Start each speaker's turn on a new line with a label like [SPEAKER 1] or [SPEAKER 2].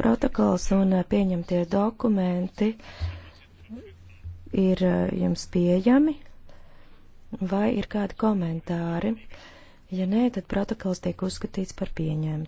[SPEAKER 1] Protokols un eh, pieņemtie dokumenti ir eh, jums pieejami, vai ir kādi komentāri? Ja nē, tad protokols tiek uzskatīts par pieņemtu.